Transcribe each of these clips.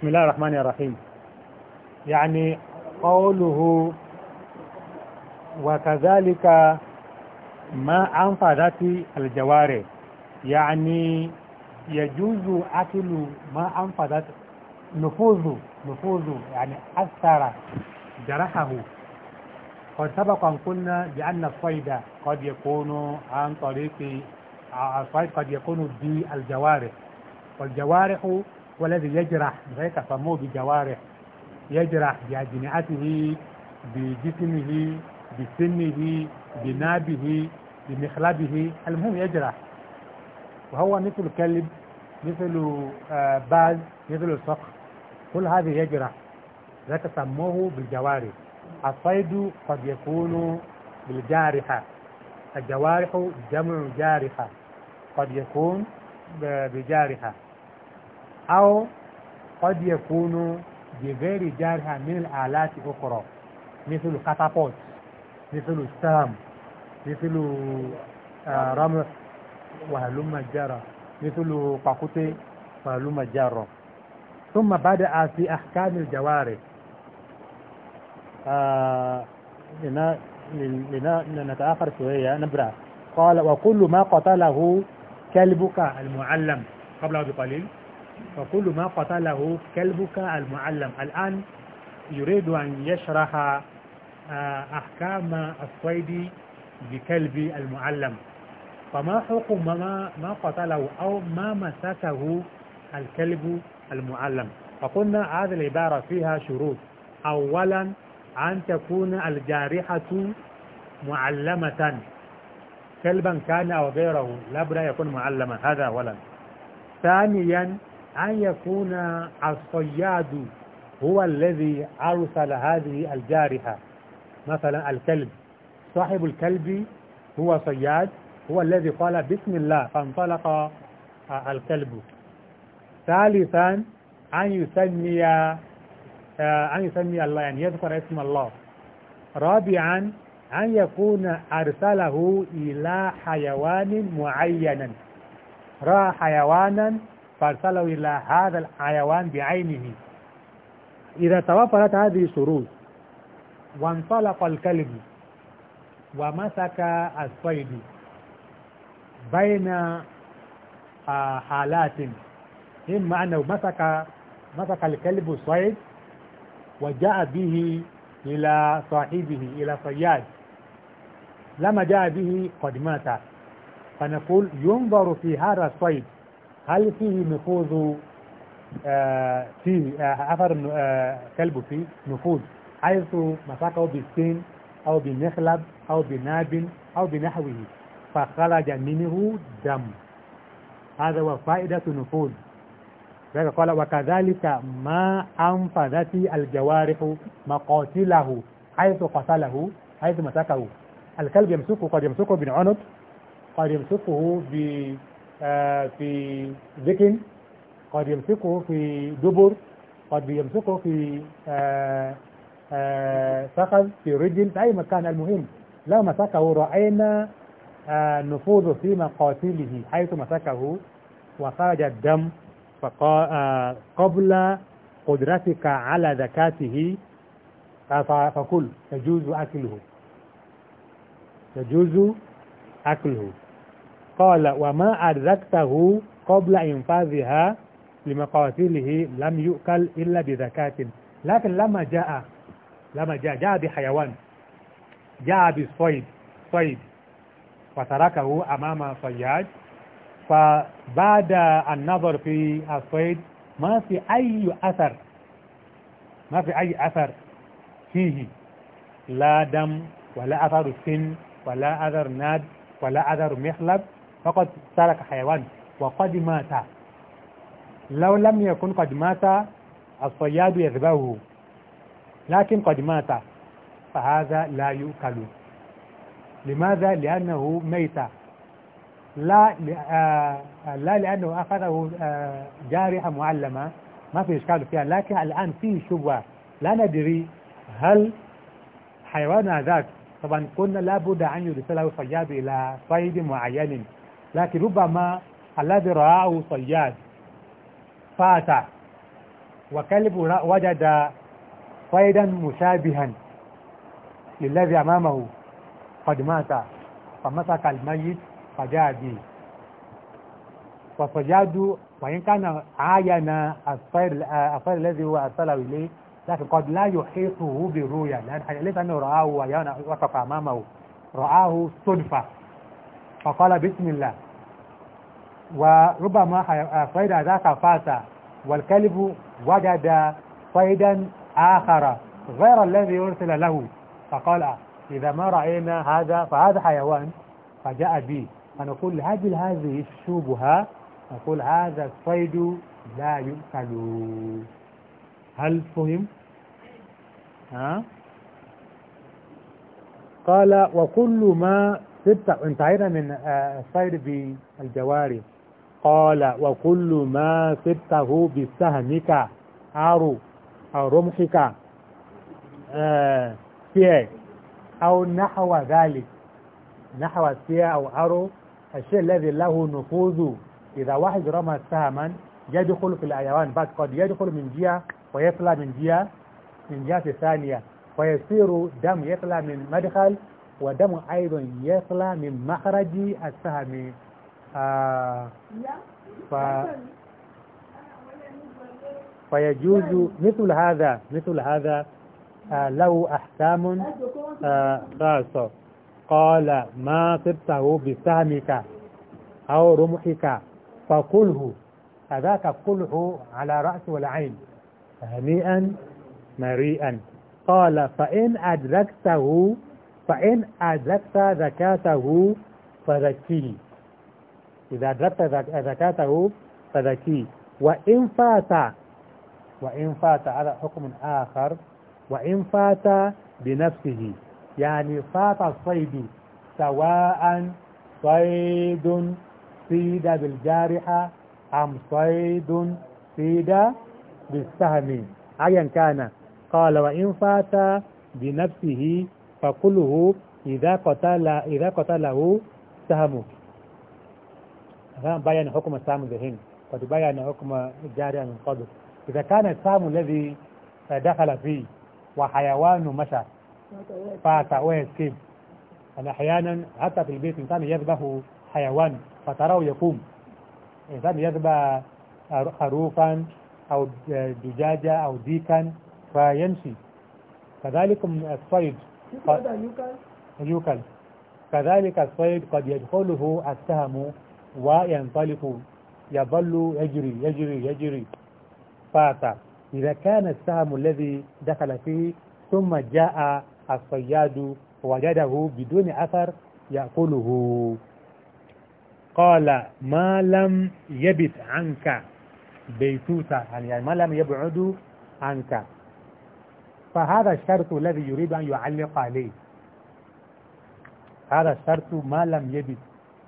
بسم الله الرحمن الرحيم يعني قوله وكذلك ما أنفذت الجوارح يعني يجوز أكل ما أنفذت نفوذ نفوذ يعني أثر جرحه قد سبقا قلنا بأن الصيد قد يكون عن طريق الصيد قد يكون بالجوارح والجوارح والذي يجرح غيك سموه بجوارح يجرح بأجنحته بجسمه بسنه بنابه بمخلبه المهم يجرح وهو مثل كلب مثل آه، باز مثل صخ كل هذا يجرح ذاك سموه بالجوارح الصيد قد يكون بالجارحة الجوارح جمع جارحة قد يكون بجارحة أو قد يكون بغير جارها من الآلات الأخرى مثل الكتابوت مثل السهم مثل آه، رمح وهلم جرى مثل قاكوتي وهلم جرى ثم بدأ في أحكام الجوارح آه لنا لنتآخر شوية نبرأ قال وكل ما قتله كلبك المعلم قبله بقليل فكل ما قتله كلبك المعلم الآن يريد أن يشرح آه، أحكام الصيد بكلب المعلم فما حكم ما, ما قتله أو ما مسكه الكلب المعلم فقلنا هذه العبارة فيها شروط أولا أن تكون الجارحة معلمة كلبا كان أو غيره لا بد يكون معلما هذا أولا ثانيا أن يكون الصياد هو الذي أرسل هذه الجارحة مثلا الكلب صاحب الكلب هو صياد هو الذي قال بسم الله فانطلق آه، الكلب ثالثا أن يسمي آه، أن يسمي الله يعني يذكر اسم الله رابعا أن يكون أرسله إلى حيوان معينا رأى حيوانا فارسله إلى هذا الحيوان بعينه إذا توفرت هذه الشروط وانطلق الكلب ومسك الصيد بين آه، حالات إما أنه مسك مسك الكلب الصيد وجاء به إلى صاحبه إلى صياد لما جاء به قد مات فنقول ينظر في هذا الصيد هل فيه نفوذ آه، فيه آه، أثر آه، كلبه فيه نفوذ حيث مسكه بالسين أو بمخلب أو بناب أو بنحوه فخرج منه دم هذا هو فائدة نفوذ قال وكذلك ما أنفذت الجوارح مقاتله حيث قتله حيث مسكه الكلب يمسكه قد يمسكه بالعنق قد يمسكه ب آه، في ديكن قد يمسكه في دبر قد يمسكه في آه، آه، فخذ في رجل في أي مكان المهم لو مسكه رأينا نفوذ في مقاتله حيث مسكه وخرج الدم قبل قدرتك على ذكاته فكل يجوز أكله يجوز أكله قال وما أدركته قبل إنفاذها لمقاتله لم يؤكل إلا بذكاة لكن لما جاء لما جاء جاء بحيوان جاء بصيد صيد وتركه أمام صياد فبعد النظر في الصيد ما في أي أثر ما في أي أثر فيه لا دم ولا أثر سن ولا أثر ناد ولا أثر مخلب فقد ترك حيوان وقد مات لو لم يكن قد مات الصياد يذبحه لكن قد مات فهذا لا يؤكل لماذا؟ لأنه ميت لا آه، لا لأنه أخذه آه، جارحة معلمة ما في إشكال فيها لكن الآن فيه شبهة لا ندري هل حيوان ذاك طبعا قلنا لابد أن يرسله صياد إلى صيد معين لكن ربما الذي رآه صياد فات وكلب وجد صيدا مشابها للذي أمامه قد مات فمسك الميت فجاء به والصياد وإن كان عاين الصيد الصيد الذي هو أرسله إليه لكن قد لا يحيطه برؤيا لأن ليس أنه رآه ووقف أمامه رآه صدفة فقال بسم الله وربما صيد آه، ذاك فاتا والكلب وجد صيدا آخر غير الذي أرسل له فقال إذا ما رأينا هذا فهذا حيوان فجاء به فنقول هذه هذه الشبهة نقول هذا الصيد لا يؤكل هل فهم؟ ها؟ قال وكل ما ستة انت من السير آه، بالجواري قال وكل ما سبته بسهمك أو أو رمحك فيه آه، أو نحو ذلك نحو فيه أو أرو الشيء الذي له نفوذ إذا واحد رمى سهما يدخل في الأيوان بس قد يدخل من جهة ويطلع من جهة من جهة ثانية ويصير دم يطلع من مدخل ودم أيضا يطلع من مخرج السهم آه ف... فيجوز مثل هذا مثل هذا آه له أحكام آه خاصة قال ما صبته بسهمك أو رمحك فكله هذاك كله على رأس والعين هنيئا مريئا قال فإن أدركته فإن أدركت زكاته فذكي إذا أدركت زكاته فذكي وإن فات وإن فات على حكم آخر وإن فات بنفسه يعني فات الصيد سواء صيد صيد بالجارحة أم صيد صيد بالسهم أيا كان قال وإن فات بنفسه فقله إذا قتل إذا قتله سهمه بيان حكم السهم ذهن قد بيان حكم جاري عن القدر إذا كان السهم الذي دخل فيه وحيوان مشى فات ويسكيب أنا أحيانا حتى في البيت إنسان يذبح حيوان فتراه يقوم إنسان يذبح خروفا أو دجاجة أو ديكا فيمشي كذلك الصيد يوكل كذلك الصيد قد يدخله السهم وينطلق يظل يجري يجري يجري فاتا إذا كان السهم الذي دخل فيه ثم جاء الصياد وجده بدون أثر يأكله قال ما لم يبت عنك بيتوتا يعني ما لم يبعد عنك فهذا الشرط الذي يريد أن يعلق عليه هذا الشرط ما لم يبت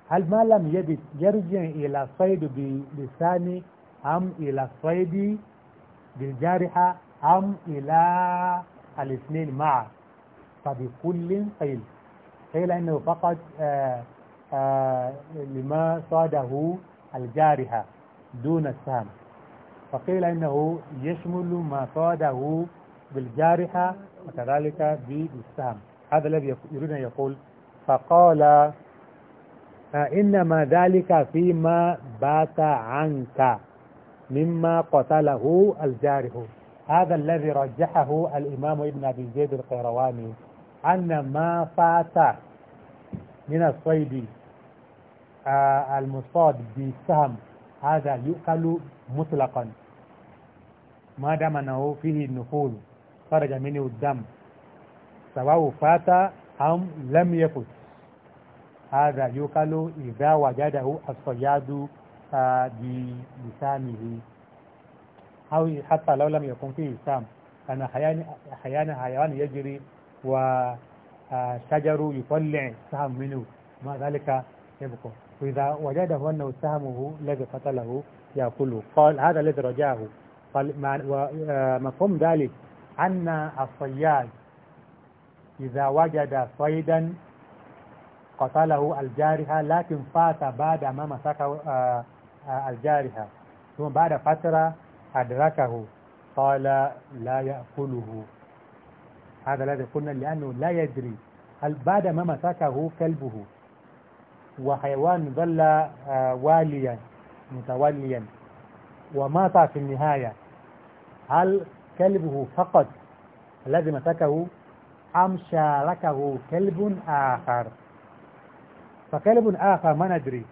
هل ما لم يبت يرجع إلى الصيد بلسان أم إلى الصيد بالجارحة أم إلى الاثنين معا فبكل قيل قيل أنه فقط آآ آه، آآ آه، لما صاده الجارحة دون السهم فقيل أنه يشمل ما صاده بالجارحة وكذلك بالسهم هذا الذي يريد أن يقول فقال إنما ذلك فيما بات عنك مما قتله الجارح هذا الذي رجحه الإمام ابن أبي زيد القيرواني أن ما فات من الصيد المصاد بالسهم هذا يؤكل مطلقا ما دام أنه فيه النفوذ خرج مني الدم سواء فات أم لم يفت هذا يقال إذا وجده الصياد آه، بلسانه أو حتى لو لم يكن فيه سام أنا أحيانا حيوان يجري وشجر آه، يطلع سهم منه ما ذلك يبقى وإذا وجده أنه سهمه الذي قتله يأكله قال هذا الذي رجاه قال آه، مفهوم ذلك أن الصياد إذا وجد صيدا قتله الجارحة لكن فات بعد ما مسكه آه، آه، الجارحة ثم بعد فترة أدركه قال لا يأكله هذا الذي قلنا لأنه لا يدري هل بعد ما مسكه كلبه وحيوان ظل آه، واليا متوليا ومات في النهاية هل كلبه فقط الذي مسكه أم شاركه كلب آخر فكلب آخر ما ندري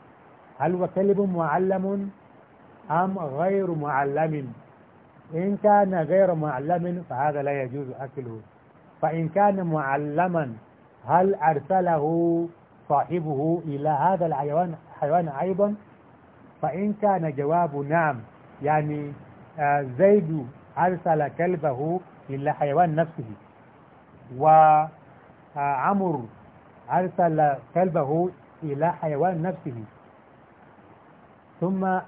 هل هو كلب معلم أم غير معلم إن كان غير معلم فهذا لا يجوز أكله فإن كان معلما هل أرسله صاحبه إلى هذا الحيوان حيوان أيضا فإن كان جواب نعم يعني آه، زيد أرسل كلبه للحيوان نفسه وعمر آه، أرسل كلبه إلى حيوان نفسه ثم آه،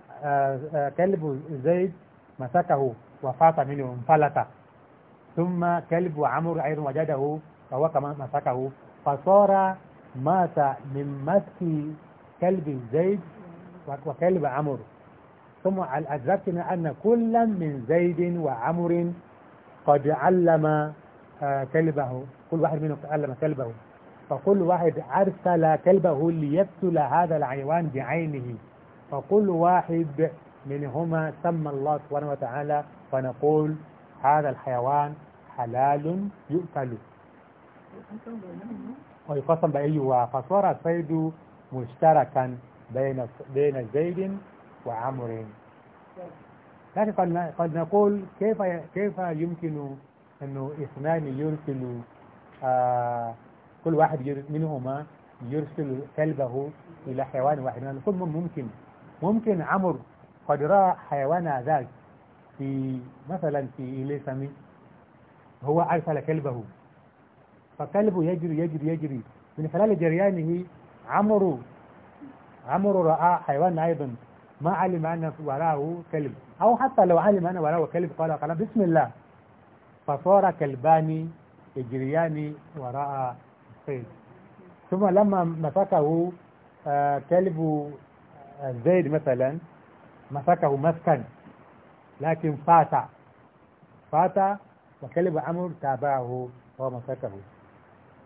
آه، كلب زيد مسكه وفات منه انفلت ثم كلب عمرو أيضا وجده فهو كمان مسكه فصار مات من مسك كلب زيد وكلب عمرو ثم أدركنا أن كلا من زيد وعمر قد علم آه، كلبه كل واحد منهم علم كلبه فكل واحد أرسل كلبه ليقتل هذا الحيوان بعينه فكل واحد منهما سمى الله سبحانه وتعالى فنقول هذا الحيوان حلال يؤكل ويقسم بأيوة فصار الصيد مشتركا بين بين زيد وعمر لكن قد قد نقول كيف كيف يمكن انه اثنان يرسل آه كل واحد منهما يرسل كلبه الى حيوان واحد ثم ممكن ممكن عمرو قد راى حيوان ذاك في مثلا في إليسامي هو أرسل كلبه فكلبه يجري يجري يجري من خلال جريانه عمرو عمرو رأى حيوان أيضا ما علم أن وراءه كلب أو حتى لو علم أن وراءه كلب قال قال بسم الله فصار كلبان يجريان وراء الصيد ثم لما مسكه آه، كلب آه، زيد مثلا مسكه مسكا لكن فات فات وكلب عمر تابعه ومسكه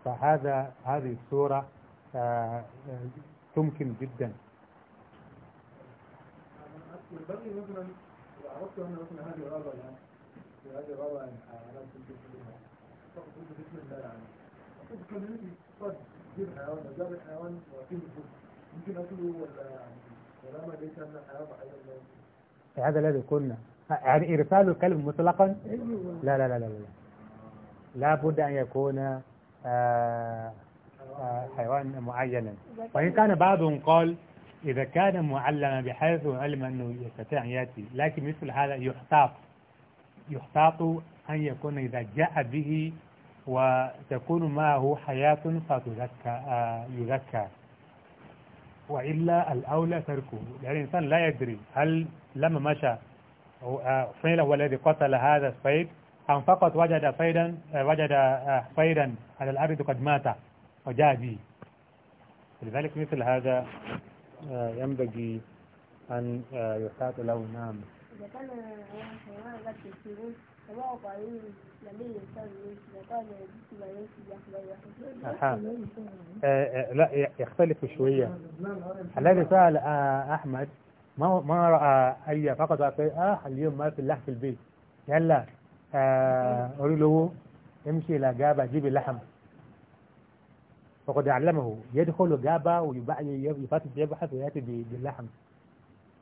فهذا هذه الصورة آه، تمكن جدا مثلا إذا عرفت أن مثلا هذه يعني، هذه يعني، آه، فقط بسم الله يعني أقول كلمتي قد جيب حيوان أجاب الحيوان وأكيد أكله ولا يعني ليس أن الحيوان بحيوان هذا الذي قلنا يعني إرسال الكلب مطلقا أيوة. لا لا لا لا لا لا بد أن يكون آه، آه، حيوان معينا وإن كان بعضهم قال إذا كان معلما بحيث علم أنه يستطيع أن يأتي لكن مثل هذا يحتاط يحتاط أن يكون إذا جاء به وتكون معه حياة فتذكى آه، يذكى وإلا الأولى تركه يعني الإنسان لا يدري هل لما مشى فيل آه، هو الذي قتل هذا الصيد أم فقط وجد صيدا آه، وجد صيدا على الأرض قد مات وجاء به لذلك مثل هذا آه، ينبغي أن آه، يحاط له نام إذا كان حيوان قد فما لم إذا كان آه، لا يختلف شوية الذي سأل أحمد ما ما رأى أي فقط آه اليوم ما في اللحم في البيت يلا أقول له امشي إلى جابة جيب اللحم فقد علمه يدخل جابة ويفاتح يبحث ويأتي باللحم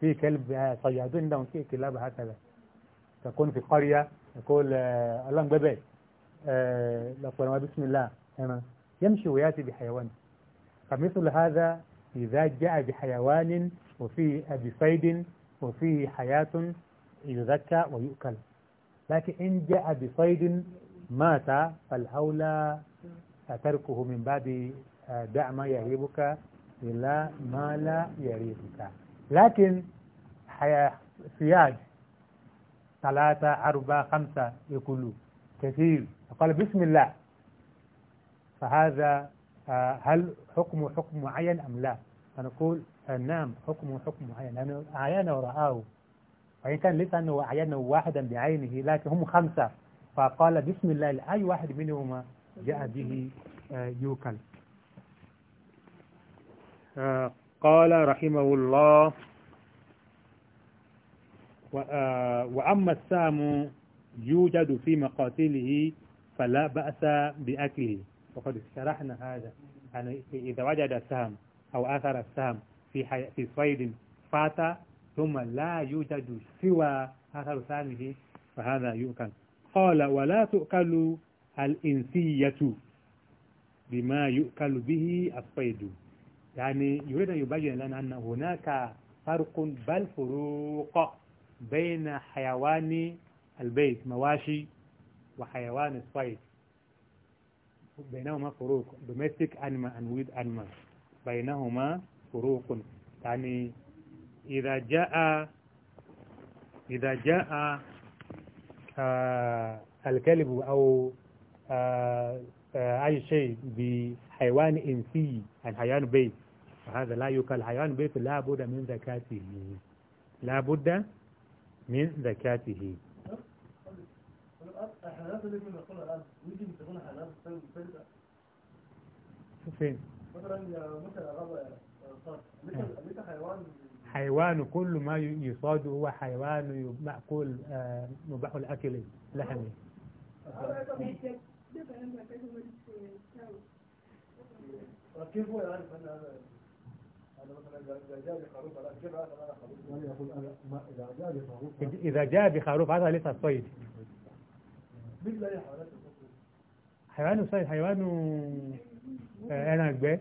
في كلب آه، صيادون عندهم في كلاب هكذا تكون في قرية يقول آه، الله بابي آه، لطول بسم الله هنا يمشي ويأتي بحيوان فمثل هذا إذا جاء بحيوان وفي بصيد وفيه حياة يذكى ويؤكل لكن إن جاء بصيد مات فالأولى تركه من باب آه، دع ما يهيبك إلا ما لا يريبك لكن سياج ثلاثة أربعة خمسة يقولوا كثير قال بسم الله فهذا آه، هل حكم حكم معين أم لا فنقول آه، نعم حكم حكم معين لأنه أعيانه ورآه وإن كان ليس أنه أعيانه واحدا بعينه لكن هم خمسة فقال بسم الله لأي واحد منهما جاء به آه، يوكل آه، قال رحمه الله آه، وأما السام يوجد في مقاتله فلا بأس بأكله وقد شرحنا هذا يعني إذا وجد السام أو أثر السام في حي... في صيد فات ثم لا يوجد سوى أثر سامه فهذا يؤكل قال ولا تؤكل الإنسية بما يؤكل به الصيد يعني يريد أن يبين لنا أن هناك فرق بل فروق بين حيوان البيت مواشي وحيوان الصيد بينهما فروق domestic animal and wild animal بينهما فروق يعني إذا جاء إذا جاء آه الكلب أو آه، آه، أي شيء بحيوان إنسي عن حيوان بيت فهذا لا يقال حيوان بيت لا بد من زكاته لا بد من زكاته حيوان كل ما يصاد هو حيوان مأكول مباح آه، الأكل لحمه إذا جاء بخروف هذا ليس الصيد حيوان صيد حيوان أنا أكبر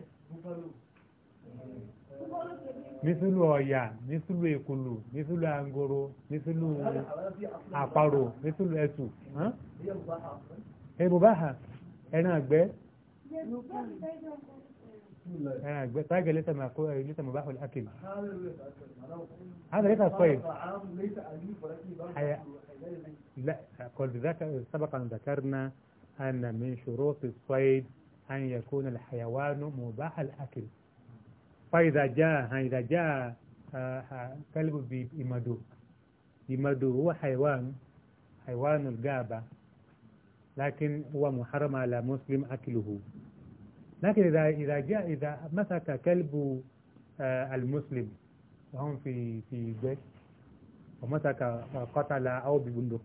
مثل ọ̀yà مثل ekulu مثل angoro مثل àparò مثل ẹtù. هي المباحة أنا أكبر أنا أكبر طاقة ليس معقول ليس مباح الأكل هذا ليس طيب لا أقول بذلك سبقا ذكرنا أن من شروط الصيد أن يكون الحيوان مباح الأكل فإذا جاء إذا جاء كلب بمدو بمدو هو حيوان حيوان الغابة لكن هو محرم على مسلم أكله لكن إذا إذا جاء إذا مسك كلب آه، المسلم وهم في في جيش ومسك قتل أو ببندقية